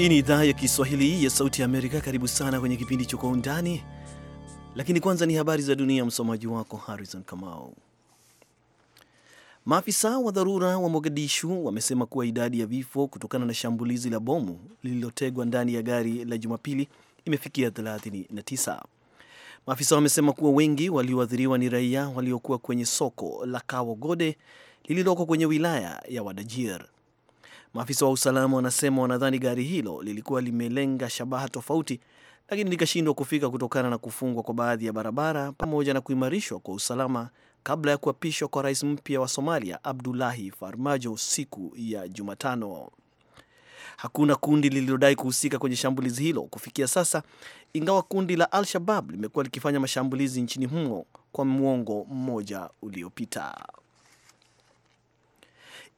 Hii ni idhaa ya Kiswahili ya Sauti ya Amerika. Karibu sana kwenye kipindi cha Kwa Undani, lakini kwanza ni habari za dunia. Msomaji wako Harrison Kamau. Maafisa wa dharura wa Mogadishu wamesema kuwa idadi ya vifo kutokana na shambulizi la bomu lililotegwa ndani ya gari la Jumapili imefikia 39. Maafisa wamesema kuwa wengi walioathiriwa ni raia waliokuwa kwenye soko la Kawo Gode lililoko kwenye wilaya ya Wadajir. Maafisa wa usalama wanasema wanadhani gari hilo lilikuwa limelenga shabaha tofauti, lakini likashindwa kufika kutokana na kufungwa kwa baadhi ya barabara pamoja na kuimarishwa kwa usalama kabla ya kuapishwa kwa rais mpya wa Somalia Abdullahi Farmajo siku ya Jumatano. Hakuna kundi lililodai kuhusika kwenye shambulizi hilo kufikia sasa, ingawa kundi la Al-Shabab limekuwa likifanya mashambulizi nchini humo kwa mwongo mmoja uliopita.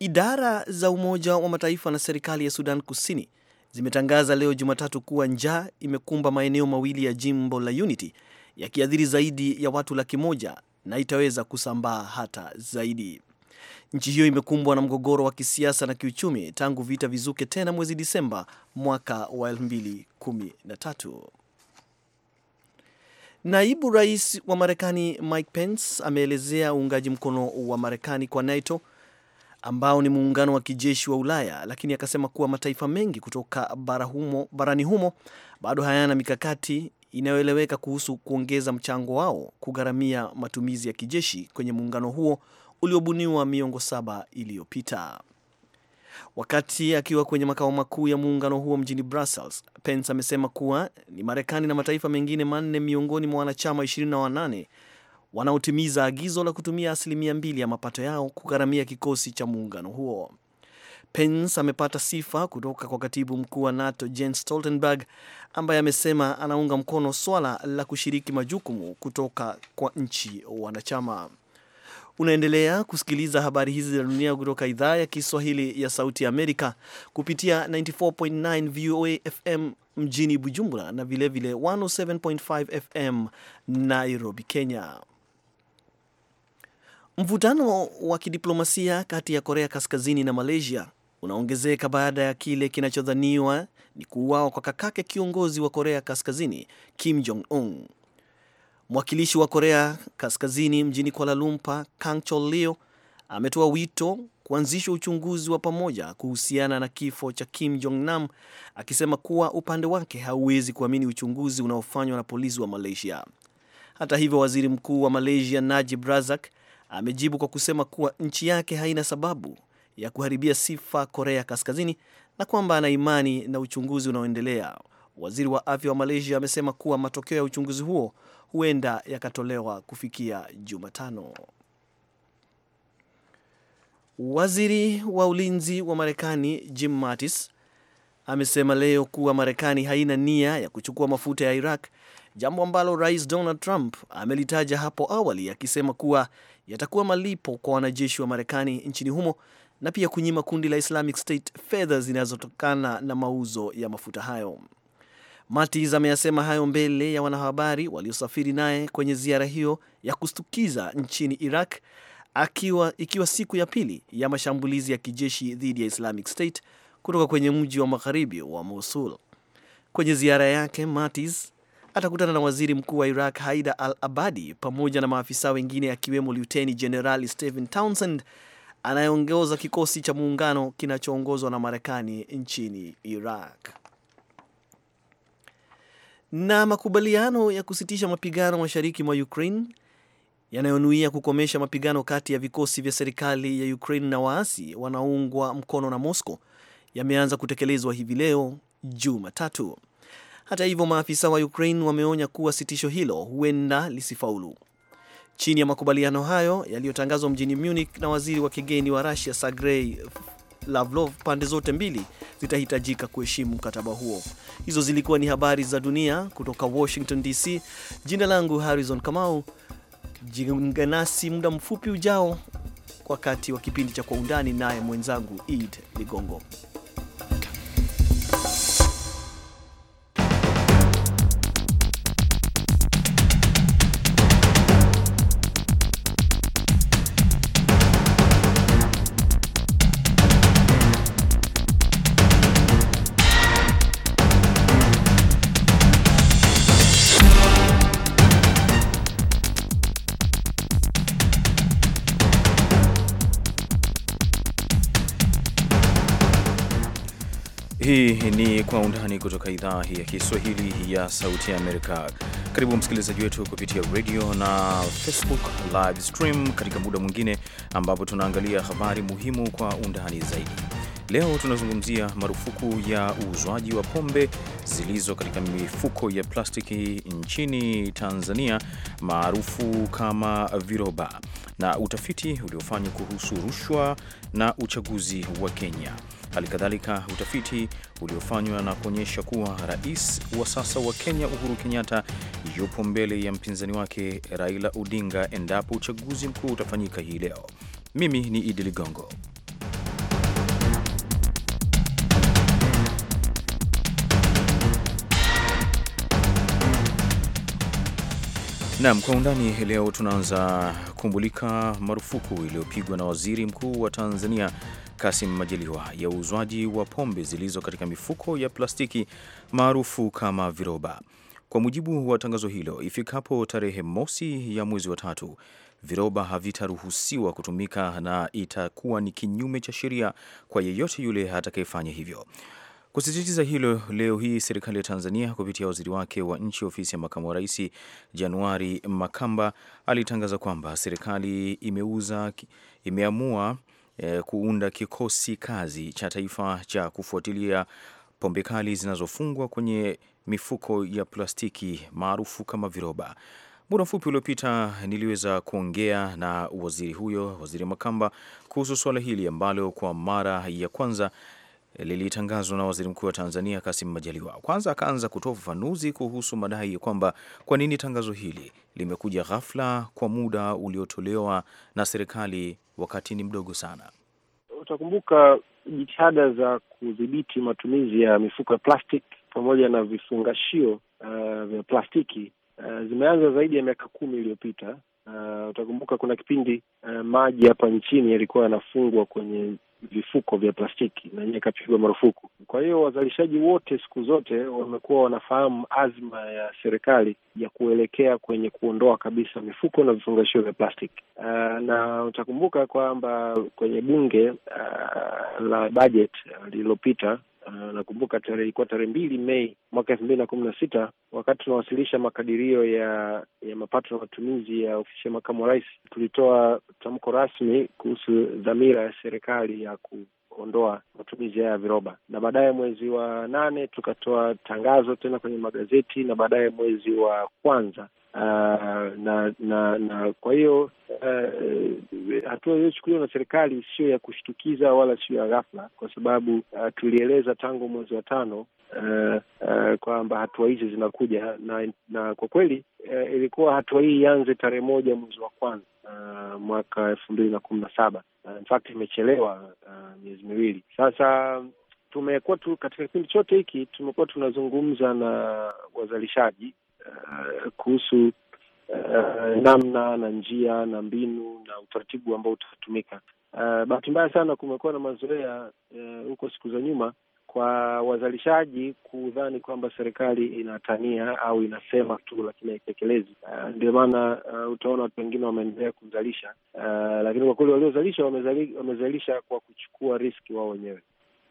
Idara za Umoja wa Mataifa na serikali ya Sudan Kusini zimetangaza leo Jumatatu kuwa njaa imekumba maeneo mawili ya jimbo la Unity yakiathiri zaidi ya watu laki moja na itaweza kusambaa hata zaidi. Nchi hiyo imekumbwa na mgogoro wa kisiasa na kiuchumi tangu vita vizuke tena mwezi Disemba mwaka wa 2013. Naibu rais wa Marekani Mike Pence ameelezea uungaji mkono wa Marekani kwa NATO ambao ni muungano wa kijeshi wa Ulaya, lakini akasema kuwa mataifa mengi kutoka bara humo, barani humo bado hayana mikakati inayoeleweka kuhusu kuongeza mchango wao kugharamia matumizi ya kijeshi kwenye muungano huo uliobuniwa miongo saba iliyopita. Wakati akiwa kwenye makao makuu ya muungano huo mjini Brussels, Pence amesema kuwa ni Marekani na mataifa mengine manne miongoni mwa wanachama wanane wanaotimiza agizo la kutumia asilimia mbili ya mapato yao kugharamia kikosi cha muungano huo. Pence amepata sifa kutoka kwa katibu mkuu wa NATO Jens Stoltenberg, ambaye amesema anaunga mkono swala la kushiriki majukumu kutoka kwa nchi wanachama. Unaendelea kusikiliza habari hizi za dunia kutoka idhaa ya Kiswahili ya Sauti ya Amerika kupitia 94.9 VOA FM mjini Bujumbura na vilevile 107.5 FM Nairobi, Kenya. Mvutano wa kidiplomasia kati ya Korea Kaskazini na Malaysia unaongezeka baada ya kile kinachodhaniwa ni kuuawa kwa kakake kiongozi wa Korea Kaskazini Kim Jong Un. Mwakilishi wa Korea Kaskazini mjini Kuala Lumpur, Kang Chol Lio, ametoa wito kuanzishwa uchunguzi wa pamoja kuhusiana na kifo cha Kim Jong Nam, akisema kuwa upande wake hauwezi kuamini uchunguzi unaofanywa na polisi wa Malaysia. Hata hivyo, waziri mkuu wa Malaysia Najib Razak amejibu kwa kusema kuwa nchi yake haina sababu ya kuharibia sifa Korea Kaskazini na kwamba ana imani na uchunguzi unaoendelea. Waziri wa afya wa Malaysia amesema kuwa matokeo ya uchunguzi huo huenda yakatolewa kufikia Jumatano. Waziri wa ulinzi wa Marekani Jim Mattis amesema leo kuwa Marekani haina nia ya kuchukua mafuta ya Iraq, jambo ambalo Rais Donald Trump amelitaja hapo awali akisema kuwa yatakuwa malipo kwa wanajeshi wa Marekani nchini humo na pia kunyima kundi la Islamic State fedha zinazotokana na mauzo ya mafuta hayo. Mattis ameyasema hayo mbele ya wanahabari waliosafiri naye kwenye ziara hiyo ya kustukiza nchini Iraq akiwa, ikiwa siku ya pili ya mashambulizi ya kijeshi dhidi ya Islamic State kutoka kwenye mji wa magharibi wa Mosul. Kwenye ziara yake Mattis atakutana na waziri mkuu wa Iraq Haida al Abadi pamoja na maafisa wengine akiwemo Luteni Jenerali Stephen Townsend anayeongoza kikosi cha muungano kinachoongozwa na Marekani nchini Iraq. Na makubaliano ya kusitisha mapigano mashariki mwa Ukraine yanayonuia kukomesha mapigano kati ya vikosi vya serikali ya Ukraine na waasi wanaoungwa mkono na Moscow yameanza kutekelezwa hivi leo Jumatatu. Hata hivyo, maafisa wa Ukraine wameonya kuwa sitisho hilo huenda lisifaulu. Chini ya makubaliano hayo yaliyotangazwa mjini Munich na waziri wa kigeni wa Russia sagrey Lavrov, pande zote mbili zitahitajika kuheshimu mkataba huo. Hizo zilikuwa ni habari za dunia kutoka Washington DC. Jina langu Harrison Kamau. Jiunge nasi muda mfupi ujao wakati wa kipindi cha Kwa Undani, naye mwenzangu ed Ligongo. ni Kwa Undani kutoka idhaa ya Kiswahili ya Sauti ya Amerika. Karibu msikilizaji wetu kupitia radio na Facebook live stream katika muda mwingine ambapo tunaangalia habari muhimu kwa undani zaidi. Leo tunazungumzia marufuku ya uuzwaji wa pombe zilizo katika mifuko ya plastiki nchini Tanzania maarufu kama viroba na utafiti uliofanywa kuhusu rushwa na uchaguzi wa Kenya. Hali kadhalika utafiti uliofanywa na kuonyesha kuwa rais wa sasa wa Kenya Uhuru Kenyatta yupo mbele ya mpinzani wake Raila Odinga endapo uchaguzi mkuu utafanyika hii leo. Mimi ni Idi Ligongo. Naam, kwa undani leo tunaanza kumbulika marufuku iliyopigwa na waziri mkuu wa Tanzania Kasim Majaliwa ya uuzwaji wa pombe zilizo katika mifuko ya plastiki maarufu kama viroba. Kwa mujibu wa tangazo hilo, ifikapo tarehe mosi ya mwezi wa tatu, viroba havitaruhusiwa kutumika na itakuwa ni kinyume cha sheria kwa yeyote yule atakayefanya hivyo. Kusisitiza hilo, leo hii serikali ya Tanzania kupitia waziri wake wa nchi ofisi ya makamu wa rais Januari Makamba alitangaza kwamba serikali imeuza, imeamua Eh, kuunda kikosi kazi cha taifa cha kufuatilia pombe kali zinazofungwa kwenye mifuko ya plastiki maarufu kama viroba. Muda mfupi uliopita niliweza kuongea na waziri huyo, Waziri Makamba, kuhusu suala hili ambalo kwa mara ya kwanza lilitangazwa na Waziri Mkuu wa Tanzania Kasim Majaliwa. Kwanza akaanza kutoa ufafanuzi kuhusu madai ya kwamba kwa nini tangazo hili limekuja ghafla kwa muda uliotolewa na serikali wakati ni mdogo sana. Utakumbuka jitihada za kudhibiti matumizi ya mifuko ya plastic pamoja na vifungashio uh, vya plastiki uh, zimeanza zaidi ya miaka kumi iliyopita Eh, utakumbuka kuna kipindi uh, maji hapa nchini yalikuwa yanafungwa kwenye vifuko vya plastiki na yeye ikapigwa marufuku. Kwa hiyo wazalishaji wote siku zote wamekuwa wanafahamu azma ya serikali ya kuelekea kwenye kuondoa kabisa mifuko na vifungashio vya plastiki. Uh, na utakumbuka kwamba kwenye bunge uh, la bajeti lililopita Ah, nakumbuka tarehe ilikuwa tarehe mbili Mei mwaka elfu mbili na kumi na sita wakati tunawasilisha makadirio ya ya mapato na matumizi ya ofisi ya makamu wa rais, tulitoa tamko rasmi kuhusu dhamira ya serikali ya ku ondoa matumizi haya ya viroba, na baadaye mwezi wa nane tukatoa tangazo tena kwenye magazeti, na baadaye mwezi wa kwanza uh, na na na kwa hiyo uh, hatua iliyochukuliwa na serikali sio ya kushtukiza wala sio ya ghafla, kwa sababu uh, tulieleza tangu mwezi wa tano uh, uh, kwamba hatua hizi zinakuja na, na kwa kweli uh, ilikuwa hatua hii ianze tarehe moja mwezi wa kwanza uh, mwaka elfu mbili na kumi na saba. Uh, in fact imechelewa uh, miezi miwili sasa tumekuwa tu katika kipindi chote hiki tumekuwa tunazungumza na wazalishaji uh, kuhusu uh, namna na njia na mbinu na utaratibu ambao utatumika. Uh, bahati mbaya sana kumekuwa na mazoea huko uh, siku za nyuma kwa wazalishaji kudhani kwamba serikali inatania au inasema tu, lakini haitekelezi. Uh, ndio maana uh, utaona watu wengine wameendelea kuzalisha uh, lakini kwa kweli waliozalisha wamezalisha kwa kuchukua riski wao wenyewe.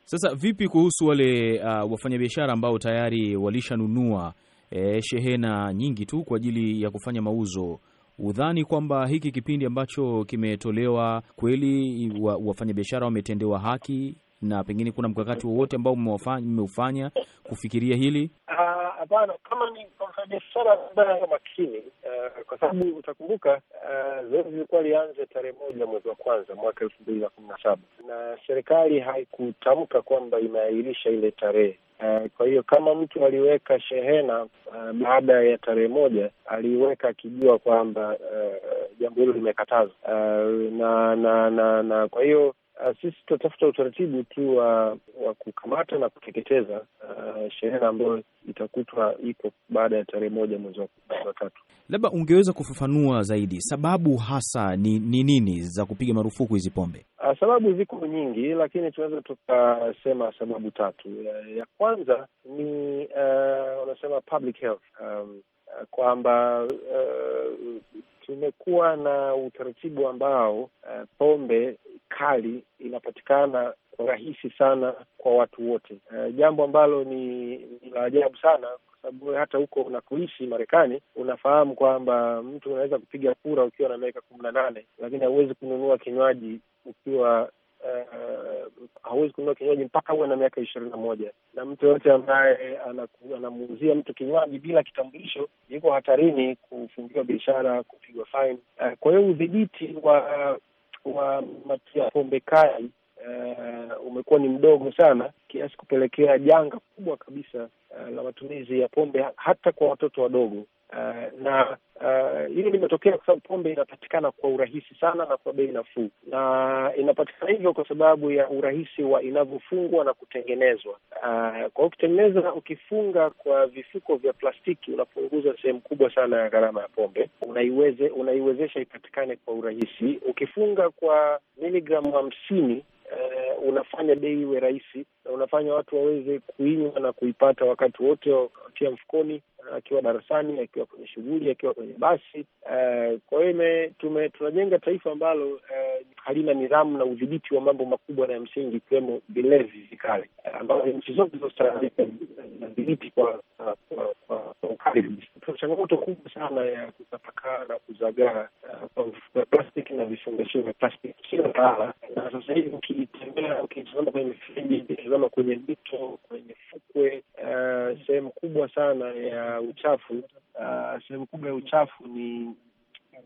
Sasa vipi kuhusu wale uh, wafanyabiashara ambao tayari walishanunua e, shehena nyingi tu kwa ajili ya kufanya mauzo. Udhani kwamba hiki kipindi ambacho kimetolewa kweli wafanyabiashara wametendewa haki na pengine kuna mkakati wowote ambao mmeufanya kufikiria hili? Ah, hapana, kama ni mfanyabiashara ambaye makini, eh, kwa sababu utakumbuka eh, zoezi lilikuwa lianze tarehe moja mwezi wa kwanza mwaka elfu mbili na kumi na saba na serikali haikutamka kwamba imeahirisha ile tarehe. Eh, kwa hiyo kama mtu aliweka shehena baada ya tarehe moja, aliweka akijua kwamba uh, jambo hilo limekatazwa uh, na, na na na kwa hiyo Ah, sisi tutatafuta utaratibu tu wa, wa kukamata na kuteketeza uh, shehena ambayo itakutwa iko baada ya tarehe moja mwezi wa tatu. Labda ungeweza kufafanua zaidi sababu hasa ni ni nini za kupiga marufuku hizi pombe? Uh, sababu ziko nyingi, lakini tunaweza tukasema sababu tatu. Uh, ya kwanza ni wanasema uh, public health um, kwamba uh, tumekuwa na utaratibu ambao uh, pombe kali inapatikana kwa rahisi sana kwa watu wote, uh, jambo ambalo ni la ajabu sana sababu hata huko unakoishi Marekani unafahamu kwamba mtu unaweza kupiga kura ukiwa na miaka kumi na nane, lakini hauwezi kununua kinywaji ukiwa uh, hauwezi kununua kinywaji mpaka uwe na miaka ishirini na moja. Na mtu yoyote ambaye anamuuzia mtu kinywaji bila kitambulisho yuko hatarini kufungiwa biashara, kupigwa faini. Uh, eh, kwa hiyo udhibiti wa wa matia pombe kali uh, umekuwa ni mdogo sana kiasi kupelekea janga kubwa kabisa uh, la matumizi ya pombe hata kwa watoto wadogo uh, na uh, hili limetokea kwa sababu pombe inapatikana kwa urahisi sana na kwa bei nafuu, na inapatikana hivyo kwa sababu ya urahisi wa inavyofungwa na kutengenezwa. Uh, kwa ukitengeneza, ukifunga kwa vifuko vya plastiki unapunguza sehemu kubwa sana ya gharama ya pombe, unaiweze unaiwezesha ipatikane kwa urahisi. Ukifunga kwa miligramu hamsini, uh, unafanya bei iwe rahisi na unafanya watu waweze kuinywa na kuipata wakati wote, wakia mfukoni, akiwa darasani, akiwa kwenye shughuli, akiwa kwenye basi. Uh, kwa hiyo tunajenga taifa ambalo uh, halina nidhamu na udhibiti wa mambo makubwa na ya msingi, ikiwemo vilezi vikali uh, eh, ambavyo nchi zote zostaarabika zinadhibiti kwa ukali Tuna changamoto kubwa sana ya kutapakaa na kuzagaa kwa plastiki na vifungashio vya plastiki kila pahala, na sasa hivi ukitembea, ukitazama kwenye mifereji mfano kwenye mito, kwenye fukwe, uh, sehemu kubwa sana ya uchafu uh, sehemu kubwa ya uchafu ni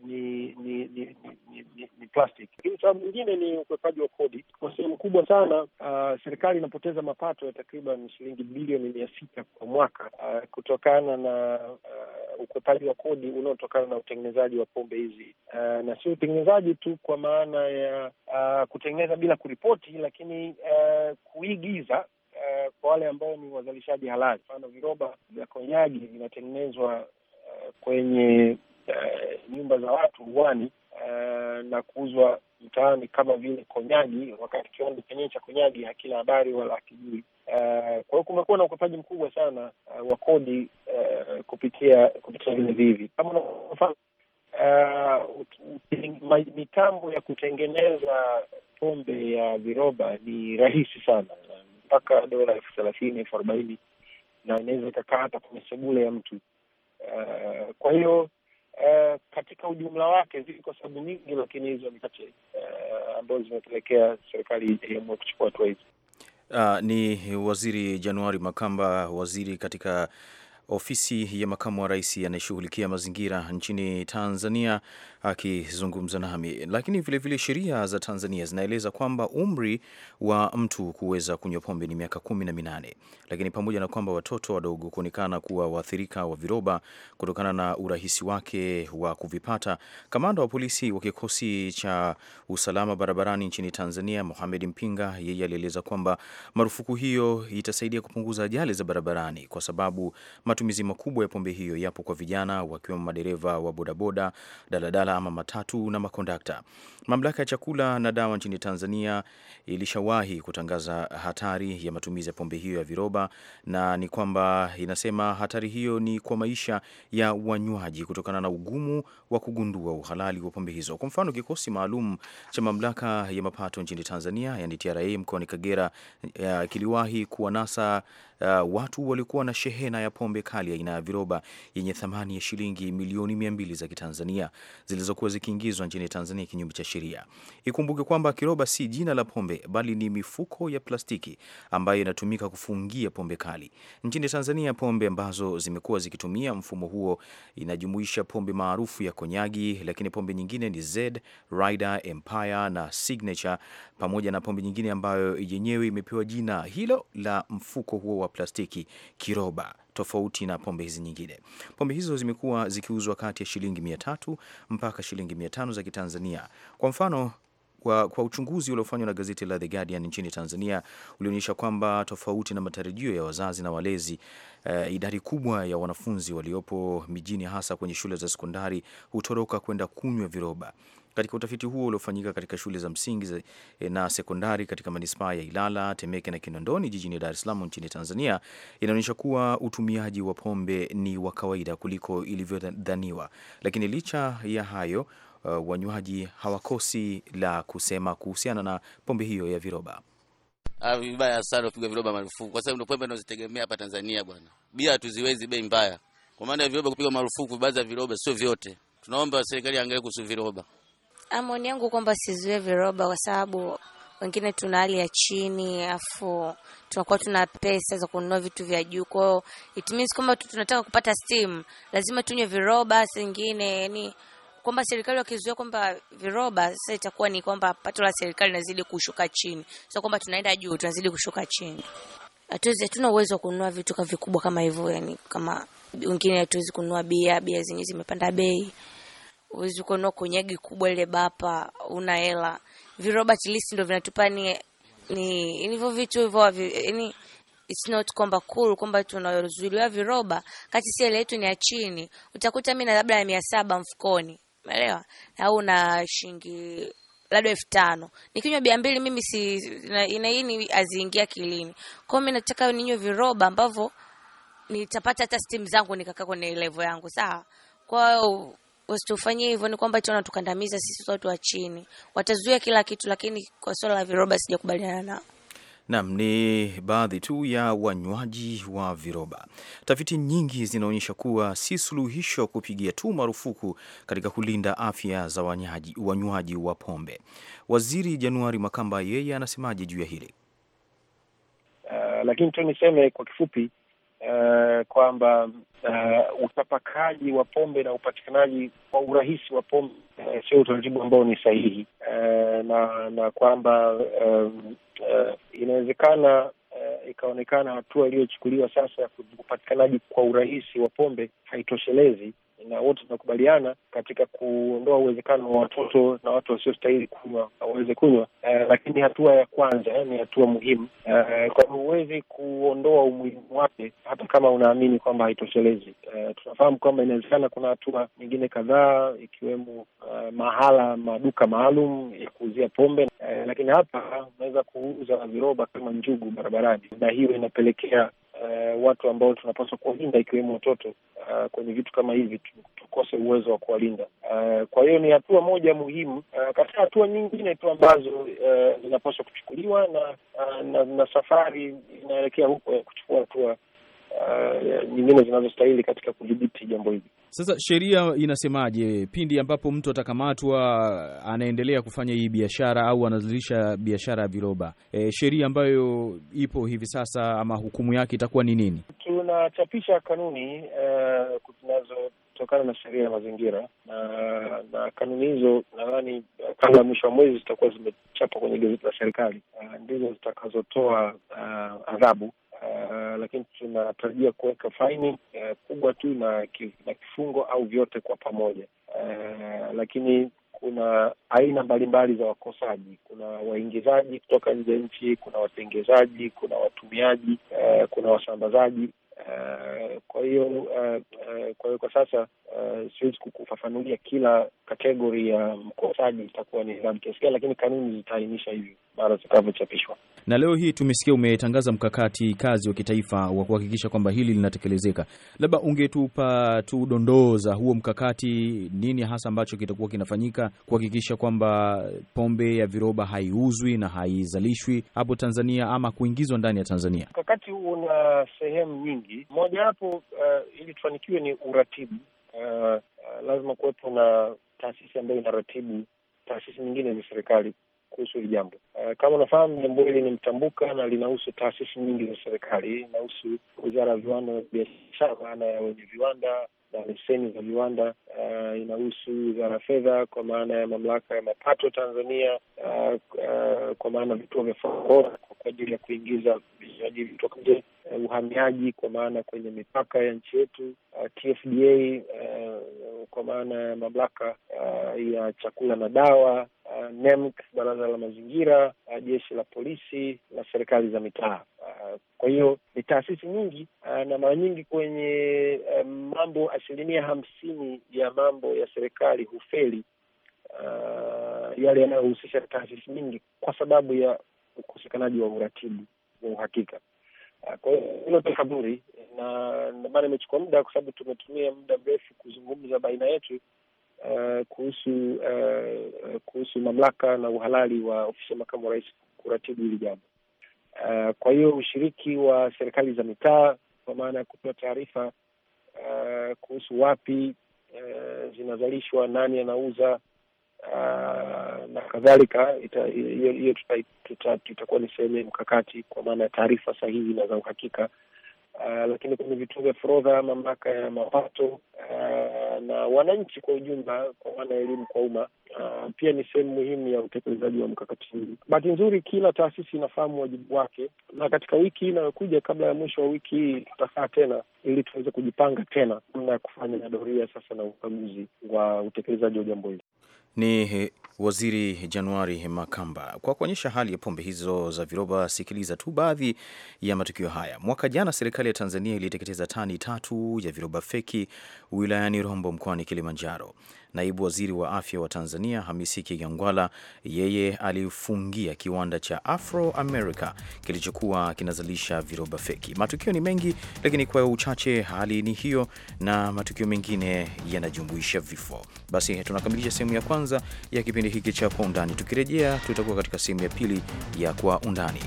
ni ni ni ni, ni, ni plastic. Lakini sababu nyingine ni ukwepaji wa kodi. Kwa sehemu kubwa sana uh, serikali inapoteza mapato ya takriban shilingi bilioni mia sita kwa mwaka uh, kutokana na uh, ukwepaji wa kodi unaotokana na utengenezaji wa pombe hizi, uh, na sio utengenezaji tu kwa maana ya uh, eh, kutengeneza bila kuripoti, lakini uh, kuigiza uh, kwa wale ambao ni wazalishaji halali. Mfano, viroba vya konyagi vinatengenezwa uh, kwenye uh, nyumba za watu uani uh, na kuuzwa mtaani kama vile Konyagi, wakati kiwanda chenyewe cha Konyagi hakina habari wala hakijui. Uh, kwa hiyo kumekuwa na ukwepaji mkubwa sana uh, wa kodi uh, kupitia kupitia vile vivi kama unafahamu uh, mitambo ya kutengeneza pombe ya viroba ni rahisi sana mpaka dola elfu thelathini elfu arobaini na inaweza ikakaa hata kwenye sebule ya mtu uh, kwa hiyo uh, katika ujumla wake ziko sababu nyingi, lakini hizo ni kati uh, eh, ambazo zimepelekea serikali iamue kuchukua hatua hizi. Uh, ni Waziri Januari Makamba, waziri katika Ofisi ya makamu wa rais anayeshughulikia mazingira nchini Tanzania akizungumza nami. Lakini vilevile sheria za Tanzania zinaeleza kwamba umri wa mtu kuweza kunywa pombe ni miaka kumi na minane, lakini pamoja na kwamba watoto wadogo kuonekana kuwa waathirika wa viroba kutokana na urahisi wake wa kuvipata, kamanda wa polisi wa kikosi cha usalama barabarani nchini Tanzania Mohamed Mpinga, yeye alieleza kwamba marufuku hiyo itasaidia kupunguza ajali za barabarani kwa sababu Matumizi makubwa ya pombe hiyo yapo kwa vijana, wakiwemo madereva wa bodaboda, daladala ama matatu na makondakta. Mamlaka ya Chakula na Dawa nchini Tanzania ilishawahi kutangaza hatari ya matumizi ya pombe hiyo ya viroba, na ni kwamba inasema hatari hiyo ni kwa maisha ya wanywaji kutokana na ugumu wa kugundua uhalali wa pombe hizo. Kwa mfano, kikosi maalum cha mamlaka ya mapato nchini Tanzania, yani TRA, mkoani Kagera eh, kiliwahi kuwanasa uh, watu waliokuwa na shehena ya pombe serikali aina ya viroba yenye thamani ya shilingi milioni mia mbili za Kitanzania zilizokuwa zikiingizwa nchini Tanzania kinyume cha sheria. Ikumbuke kwamba kiroba si jina la pombe, bali ni mifuko ya plastiki ambayo inatumika kufungia pombe kali. Nchini Tanzania, pombe ambazo zimekuwa zikitumia mfumo huo inajumuisha pombe maarufu ya konyagi, lakini pombe nyingine ni Z, Rider, Empire na Signature pamoja na pombe nyingine ambayo yenyewe imepewa jina hilo la mfuko huo wa plastiki kiroba tofauti na pombe hizi nyingine. Pombe hizo zimekuwa zikiuzwa kati ya shilingi mia tatu mpaka shilingi mia tano za Kitanzania. Kwa mfano kwa, kwa uchunguzi uliofanywa na gazeti la The Guardian nchini Tanzania ulionyesha kwamba tofauti na matarajio ya wazazi na walezi eh, idadi kubwa ya wanafunzi waliopo mijini hasa kwenye shule za sekondari hutoroka kwenda kunywa viroba katika utafiti huo uliofanyika katika shule za msingi eh, na sekondari katika manispaa ya Ilala, Temeke na Kinondoni jijini Dar es Salaam nchini Tanzania inaonyesha kuwa utumiaji wa pombe ni wa kawaida kuliko ilivyodhaniwa, lakini licha ya hayo uh, wanywaji hawakosi la kusema kuhusiana na pombe hiyo ya viroba. Ah, vibaya sana kupiga viroba marufuku, kwa sababu ndio pombe inazitegemea hapa Tanzania bwana. Bia hatuziwezi bei mbaya, kwa maana ya viroba kupiga marufuku, baadhi ya viroba, sio vyote. Tunaomba serikali angalie kuhusu viroba. Ah, maoni yangu kwamba sizuie viroba kwa sababu wengine tuna hali ya chini, afu tunakuwa tuna pesa za kununua vitu vya juu. kwao it means kwamba tunataka kupata steam, lazima tunywe viroba zingine, yani kwamba serikali wakizuia kwamba viroba, sasa itakuwa ni kwamba pato la serikali linazidi kushuka chini, sio kwamba tunaenda juu, tunazidi kushuka chini. Hatuwezi, hatuna uwezo wa kununua vitu vikubwa kama hivyo, yani kama wengine hatuwezi kununua bia, bia zenyewe zimepanda bei. Uwezi kuona kunyagi kubwa ile bapa, una hela. vi Robert List ndio vinatupa ni ni hivyo vitu hivyo, yani it's not kwamba cool kwamba tunazuiliwa viroba, kati si ile yetu ni ya chini. Utakuta mimi na labda ya mia saba mfukoni, umeelewa, au na shilingi labda elfu tano nikinywa bia mbili mimi si ina hii aziingia kilini Kwa hiyo mimi nataka ninywe viroba ambavyo nitapata hata stimu zangu nikakaa kwenye level yangu, sawa. Kwa wasitufanyie hivyo ni kwamba eti wanatukandamiza sisi watu wa chini, watazuia kila kitu, lakini kwa swala la viroba sijakubaliana nao. nam ni baadhi tu ya wanywaji wa viroba. Tafiti nyingi zinaonyesha kuwa si suluhisho kupigia tu marufuku katika kulinda afya za wanywaji wa pombe. Waziri Januari Makamba, yeye anasemaje juu ya hili? Uh, lakini tu niseme kwa kifupi uh, kwamba uh, utapakaji wa pombe na upatikanaji kwa urahisi wa pombe uh, sio utaratibu ambao ni sahihi uh, na na kwamba um, uh, inawezekana Uh, ikaonekana hatua iliyochukuliwa sasa ya upatikanaji kwa urahisi wa pombe haitoshelezi na wote tunakubaliana katika kuondoa uwezekano wa watoto na watu wasiostahili kunywa waweze kunywa. Uh, lakini hatua ya kwanza eh, ni hatua muhimu uh, kwa huwezi kuondoa umuhimu wake hata kama unaamini kwamba haitoshelezi. Uh, tunafahamu kwamba inawezekana kuna hatua nyingine kadhaa ikiwemo uh, mahala maduka maalum ya kuuzia pombe uh, lakini hapa unaweza kuuza viroba kama njugu barabarani, na hiyo inapelekea uh, watu ambao tunapaswa kuwalinda ikiwemo watoto uh, kwenye vitu kama hivi tukose uwezo wa kuwalinda. Uh, kwa hiyo ni hatua moja muhimu uh, katika hatua nyingine tu ambazo uh, zinapaswa kuchukuliwa na, uh, na na safari inaelekea huko ya kuchukua hatua uh, nyingine zinazostahili katika kudhibiti jambo hili. Sasa sheria inasemaje pindi ambapo mtu atakamatwa anaendelea kufanya hii biashara au anazalisha biashara ya viroba? E, sheria ambayo ipo hivi sasa ama hukumu yake itakuwa ni nini? Tunachapisha kanuni e, zinazotokana na sheria ya mazingira na, na kanuni hizo nadhani kabla ya mwisho wa mwezi zitakuwa zimechapwa kwenye gazeti la serikali uh, ndizo zitakazotoa uh, adhabu uh, lakini tunatarajia kuweka faini uh, kubwa tu na, na kifungo au vyote kwa pamoja uh, lakini kuna aina mbalimbali za wakosaji. Kuna waingizaji kutoka nje ya nchi, kuna watengezaji, kuna watumiaji eh, kuna wasambazaji. Uh, kwa hiyo uh, uh, kwa hiyo kwa sasa uh, siwezi kufafanulia kila kategori ya mkosaji itakuwa ni adhabu kiasi gani, lakini kanuni zitaainisha hivyo mara zitakavyochapishwa. Na leo hii tumesikia umetangaza mkakati kazi wa kitaifa wa kuhakikisha kwamba hili linatekelezeka. Labda ungetupa tu dondoo za huo mkakati, nini hasa ambacho kitakuwa kinafanyika kuhakikisha kwamba pombe ya viroba haiuzwi na haizalishwi hapo Tanzania ama kuingizwa ndani ya Tanzania? Mkakati huu una sehemu nyingi moja wapo uh, ili tufanikiwe ni uratibu. Uh, uh, lazima kuwepo na taasisi ambayo inaratibu taasisi nyingine za serikali kuhusu hili jambo. Uh, kama unafahamu jambo hili ni mtambuka na linahusu taasisi nyingi za serikali, inahusu wizara ya viwanda biashara na wenye viwanda Uh, leseni za viwanda uh, inahusu wizara ya fedha kwa maana ya mamlaka ya mapato Tanzania uh, uh, kwa maana vituo vya forodha kwa ajili ya kuingiza vinywaji vitoka nje, uh, uhamiaji kwa maana kwenye mipaka ya nchi yetu, uh, TFDA uh, kwa maana ya mamlaka uh, ya chakula na dawa uh, NEMC, baraza la mazingira uh, jeshi la polisi na serikali za mitaa uh, kwa hiyo ni taasisi nyingi uh, na mara nyingi kwenye uh, mambo asilimia hamsini ya mambo ya serikali hufeli uh, yale yanayohusisha taasisi nyingi kwa sababu ya ukosekanaji wa uratibu wa uhakika. Uh, kwa hiyo hilo ni kaburi, na ndio imechukua muda, kwa sababu tumetumia muda mrefu kuzungumza baina yetu uh, kuhusu uh, kuhusu mamlaka na uhalali wa ofisi ya makamu wa rais kuratibu hili jambo. Uh, kwa hiyo ushiriki wa serikali za mitaa kwa maana ya kutoa taarifa uh, kuhusu wapi uh, zinazalishwa, nani anauza Uh, na kadhalika, hiyo tutakuwa ni sehemu ya mkakati kwa maana ya taarifa sahihi na za uhakika Uh, lakini kwenye vituo vya forodha, mamlaka ya mapato uh, na wananchi kwa ujumla, kwa wana elimu kwa umma uh, pia ni sehemu muhimu ya utekelezaji wa mkakati huu. Bahati nzuri, kila taasisi inafahamu wajibu wake, na katika wiki hii inayokuja, kabla ya mwisho wa wiki hii, tutakaa tena ili tuweze kujipanga tena namna ya kufanya doria sasa na ukaguzi wa utekelezaji wa jambo hili. Ni Waziri Januari Makamba kwa kuonyesha hali ya pombe hizo za viroba. Sikiliza tu baadhi ya matukio haya. Mwaka jana serikali ya Tanzania iliteketeza tani tatu ya viroba feki wilayani Rombo mkoani Kilimanjaro. Naibu waziri wa afya wa Tanzania Hamisi Kigangwala, yeye alifungia kiwanda cha Afro America kilichokuwa kinazalisha viroba feki. Matukio ni mengi, lakini kwa uchache hali ni hiyo, na matukio mengine yanajumuisha vifo. Basi tunakamilisha sehemu ya kwanza ya kipindi hiki cha Kwa Undani. Tukirejea tutakuwa katika sehemu ya pili ya Kwa Undani.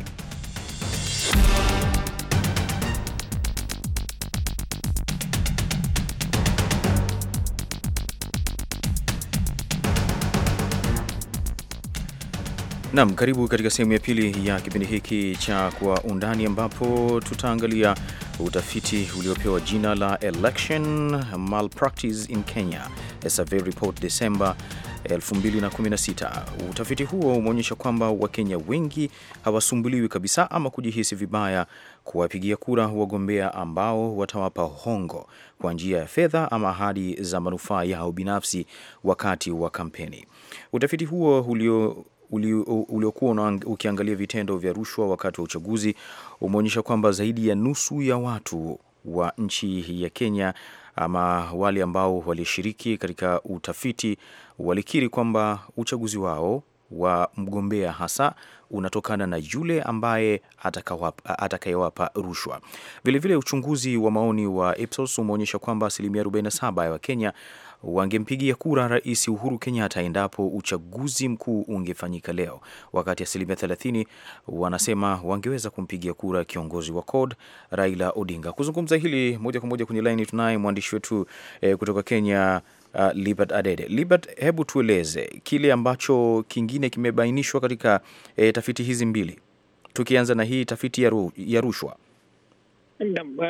Nam, karibu katika sehemu ya pili ya kipindi hiki cha Kwa Undani, ambapo tutaangalia utafiti uliopewa jina la Election Malpractice in Kenya, a survey report December 2016. Utafiti huo umeonyesha kwamba Wakenya wengi hawasumbuliwi kabisa ama kujihisi vibaya kuwapigia kura wagombea ambao watawapa hongo kwa njia ya fedha ama ahadi za manufaa yao binafsi wakati wa kampeni. Utafiti huo ulio uliokuwa ukiangalia vitendo vya rushwa wakati wa uchaguzi umeonyesha kwamba zaidi ya nusu ya watu wa nchi ya Kenya ama wale ambao walishiriki katika utafiti walikiri kwamba uchaguzi wao wa mgombea hasa unatokana na yule ambaye atakayewapa rushwa. Vilevile, uchunguzi wa maoni wa Ipsos umeonyesha kwamba asilimia 47 ya Wakenya wangempigia kura Rais Uhuru Kenyatta endapo uchaguzi mkuu ungefanyika leo, wakati asilimia 30 wanasema wangeweza kumpigia kura kiongozi wa CORD Raila Odinga. Kuzungumza hili moja kwa moja kwenye laini tunaye mwandishi wetu eh, kutoka Kenya Uh, Libert Adede. Libert, hebu tueleze kile ambacho kingine kimebainishwa katika eh, tafiti hizi mbili, tukianza na hii tafiti ya, ru, ya rushwa. Uh,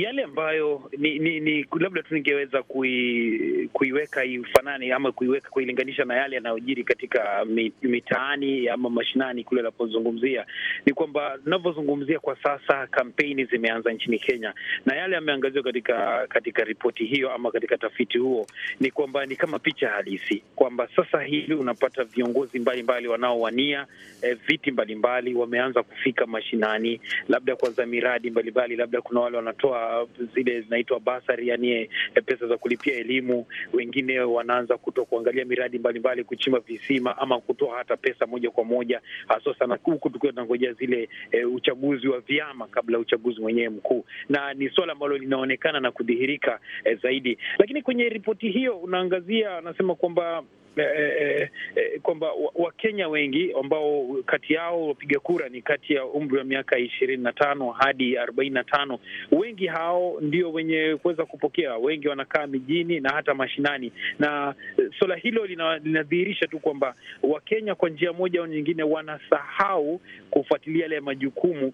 yale ambayo ni, ni, ni labda tu ningeweza kui, kuiweka ifanani ama kuiweka kuilinganisha na yale yanayojiri katika mitaani ama mashinani kule anapozungumzia, ni kwamba tunavyozungumzia kwa sasa kampeni zimeanza nchini Kenya, na yale yameangaziwa katika katika ripoti hiyo ama katika tafiti huo ni kwamba ni kama picha halisi kwamba sasa hivi unapata viongozi mbalimbali wanaowania eh, viti mbalimbali wameanza kufika mashinani, labda kwa za miradi mbalimbali labda kuna wale wanatoa zile zinaitwa basari, yani eh, pesa za kulipia elimu. Wengine wanaanza kuto kuangalia miradi mbalimbali, kuchimba visima ama kutoa hata pesa moja kwa moja, haswa sana huku tukiwa tunangojea zile e, uchaguzi wa vyama kabla ya uchaguzi mwenyewe mkuu, na ni swala ambalo linaonekana na kudhihirika e, zaidi. Lakini kwenye ripoti hiyo unaangazia, anasema kwamba Eh, eh, eh, kwamba Wakenya wengi ambao kati yao wapiga kura ni kati ya umri wa miaka ishirini na tano hadi arobaini na tano wengi hao ndio wenye kuweza kupokea, wengi wanakaa mijini na hata mashinani, na suala hilo linadhihirisha tu kwamba Wakenya kwa njia moja au nyingine wanasahau kufuatilia yale majukumu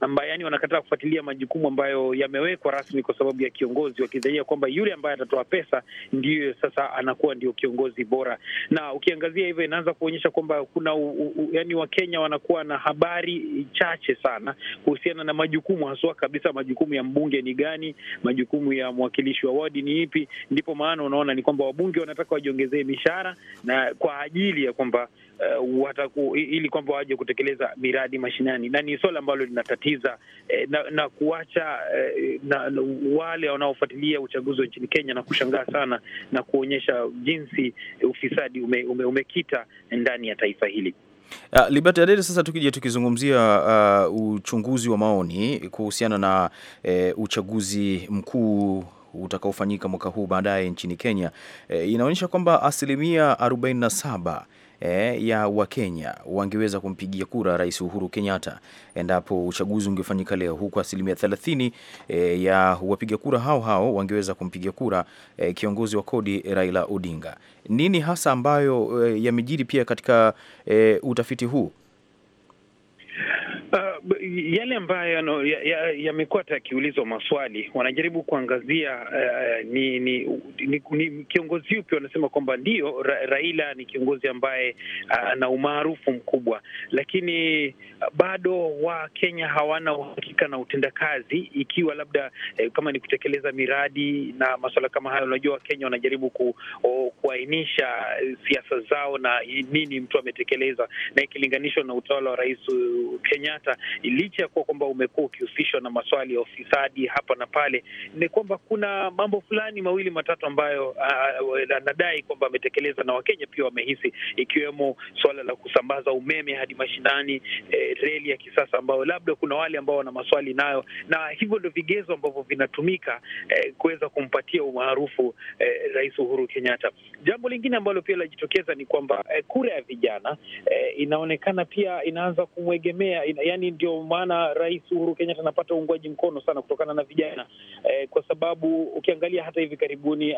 ambaye yani wanakataa kufuatilia majukumu ambayo yamewekwa rasmi kwa sababu ya kiongozi, wakidhania kwamba yule ambaye atatoa pesa ndiyo sasa anakuwa ndio kiongozi bora. Na ukiangazia hivyo, inaanza kuonyesha kwamba kuna u, u, yani Wakenya wanakuwa na habari chache sana kuhusiana na majukumu haswa kabisa, majukumu ya mbunge ni gani, majukumu ya mwakilishi wa wadi ni ipi. Ndipo maana unaona ni kwamba wabunge wanataka wajiongezee mishahara na kwa ajili ya kwamba uh, wataku, ili kwamba waje kutekeleza miradi mashinani, na ni swala ambalo linatatiza eh, na, na kuacha eh, na, na, wale wanaofuatilia uchaguzi wa nchini Kenya na kushangaa sana na kuonyesha jinsi ufisadi ume, ume, umekita ndani ya taifa hili. Uh, Liberty Adede, sasa tukija tukizungumzia uh, uchunguzi wa maoni kuhusiana na uh, uchaguzi mkuu utakaofanyika mwaka huu baadaye nchini Kenya, uh, inaonyesha kwamba asilimia 47 eh, ya Wakenya wangeweza kumpigia kura Rais Uhuru Kenyatta endapo uchaguzi ungefanyika leo, huku asilimia 30 eh, ya wapiga kura hao hao wangeweza kumpigia kura eh, kiongozi wa kodi Raila Odinga. Nini hasa ambayo eh, yamejiri pia katika eh, utafiti huu? yale ambayo yamekuwa ya, ya takiulizwa maswali wanajaribu kuangazia uh, ni, ni, ni, ni kiongozi yupi? Wanasema kwamba ndio Ra, Raila ni kiongozi ambaye ah, ana uh, umaarufu mkubwa, lakini ah, bado Wakenya hawana uhakika na utendakazi, ikiwa labda eh, kama ni kutekeleza miradi na masuala kama hayo. Unajua, Wakenya wanajaribu ku, kuainisha eh, siasa zao na nini mtu ametekeleza, na ikilinganishwa na utawala wa Rais Kenyatta licha ya kuwa kwamba umekuwa ukihusishwa na maswali ya ufisadi hapa na pale, ni kwamba kuna mambo fulani mawili matatu ambayo anadai kwamba ametekeleza na Wakenya pia wamehisi, ikiwemo suala la kusambaza umeme hadi mashinani, e, reli ya kisasa ambayo labda kuna wale ambao wana maswali nayo, na hivyo ndio vigezo ambavyo vinatumika e, kuweza kumpatia umaarufu e, Rais Uhuru Kenyatta. Jambo lingine ambalo pia linajitokeza ni kwamba e, kura ya vijana e, inaonekana pia inaanza kumwegemea, in, yani ndio maana Rais Uhuru Kenyatta anapata uungwaji mkono sana kutokana na vijana eh, kwa sababu ukiangalia hata hivi karibuni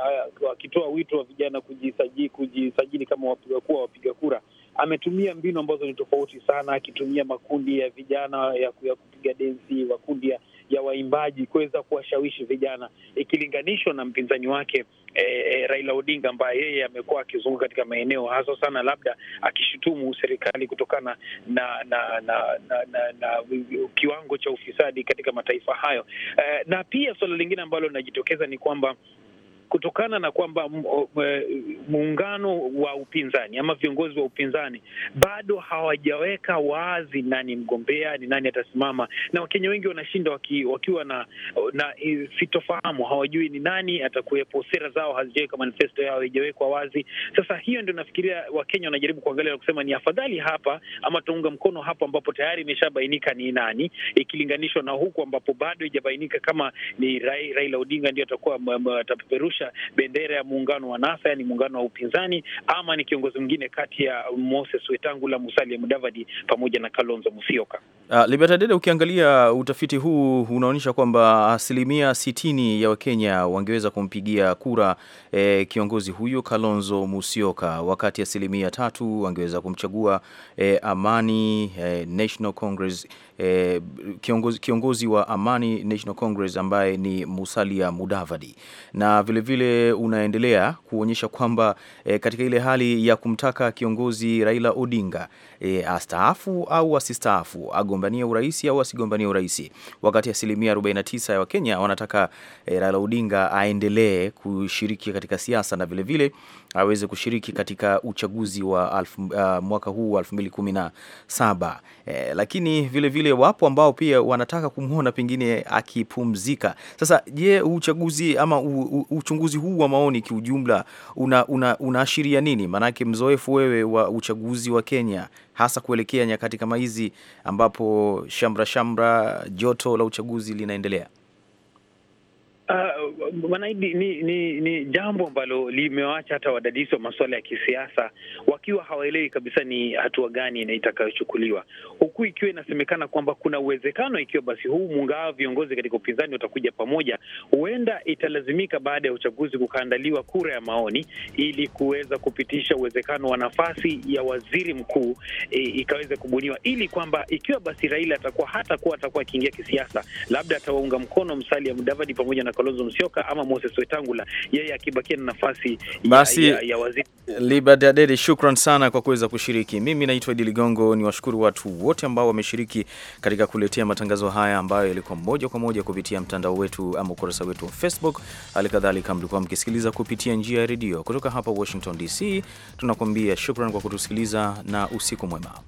akitoa uh, wito wa vijana kujisajili, kujisajili kama wapiga kuwa wapiga kura ametumia mbinu ambazo ni tofauti sana, akitumia makundi ya vijana ya, ya kupiga densi, makundi ya, ya waimbaji kuweza kuwashawishi vijana ikilinganishwa na mpinzani wake eh, Raila Odinga ambaye yeye amekuwa akizunguka katika maeneo hasa sana, labda akishutumu serikali kutokana na na, na, na, na, na kiwango cha ufisadi katika mataifa hayo eh, na pia suala lingine ambalo linajitokeza ni kwamba kutokana na kwamba eh, muungano wa upinzani ama viongozi wa upinzani bado hawajaweka wazi nani mgombea, ni nani atasimama, na Wakenya wengi wanashinda waki, wakiwa na na eh, sitofahamu, hawajui ni nani atakuwepo. Sera zao hazijaweka, manifesto yao haijawekwa wazi. Sasa hiyo ndio nafikiria Wakenya wanajaribu kuangalia na kusema ni afadhali hapa ama tuunga mkono hapa ambapo tayari imeshabainika ni nani, ikilinganishwa na huku ambapo bado haijabainika kama ni Raila Odinga ndio atakuwa atapeperusha kupeperusha bendera ya muungano wa NASA, yani muungano wa upinzani, ama ni kiongozi mwingine kati ya Moses Wetangula, Musalia Mudavadi pamoja na Kalonzo Musyoka. Uh, ah, Liberta Dede, ukiangalia utafiti huu unaonyesha kwamba asilimia sitini ya Wakenya wangeweza kumpigia kura eh, kiongozi huyo Kalonzo Musyoka, wakati asilimia tatu wangeweza kumchagua eh, Amani eh, National Congress eh, kiongozi, kiongozi wa Amani National Congress ambaye ni Musalia Mudavadi, na vilevile vile unaendelea kuonyesha kwamba eh, katika ile hali ya kumtaka kiongozi Raila Odinga eh, astaafu au asistaafu kugombania urais au asigombanie urais, wakati asilimia 49 ya Wakenya wanataka eh, Raila Odinga aendelee kushiriki katika siasa na vilevile aweze kushiriki katika uchaguzi wa alf, uh, mwaka huu wa 2017 eh, lakini vilevile vile wapo ambao pia wanataka kumwona pengine akipumzika. Sasa je, uchaguzi ama u, u, uchunguzi huu wa maoni kiujumla unaashiria una, una nini? Maanake mzoefu wewe wa uchaguzi wa Kenya hasa kuelekea nyakati kama hizi ambapo shamra shamra joto la uchaguzi linaendelea? Wanaidi, uh, ni, ni ni jambo ambalo limewacha hata wadadisi wa masuala ya kisiasa wakiwa hawaelewi kabisa ni hatua gani na itakayochukuliwa, huku ikiwa inasemekana kwamba kuna uwezekano ikiwa basi huu muungano viongozi katika upinzani watakuja pamoja, huenda italazimika baada ya uchaguzi kukaandaliwa kura ya maoni ili kuweza kupitisha uwezekano wa nafasi ya waziri mkuu e, ikaweze kubuniwa ili kwamba ikiwa basi Raila atakuwa hatakuwa atakuwa akiingia kisiasa, labda atawaunga mkono Musalia Mudavadi pamoja na Kalonzo Musyoka ama Moses Wetangula, yeye akibakia na nafasi basi ya, ya waziri. Liberty Adede, shukran sana kwa kuweza kushiriki. Mimi naitwa Idi Ligongo, ni washukuru watu wote ambao wameshiriki katika kuletea matangazo haya ambayo yalikuwa moja kwa moja kupitia mtandao wetu ama ukurasa wetu wa Facebook. Hali kadhalika mlikuwa mkisikiliza kupitia njia ya redio kutoka hapa Washington DC. Tunakuambia shukran kwa kutusikiliza na usiku mwema.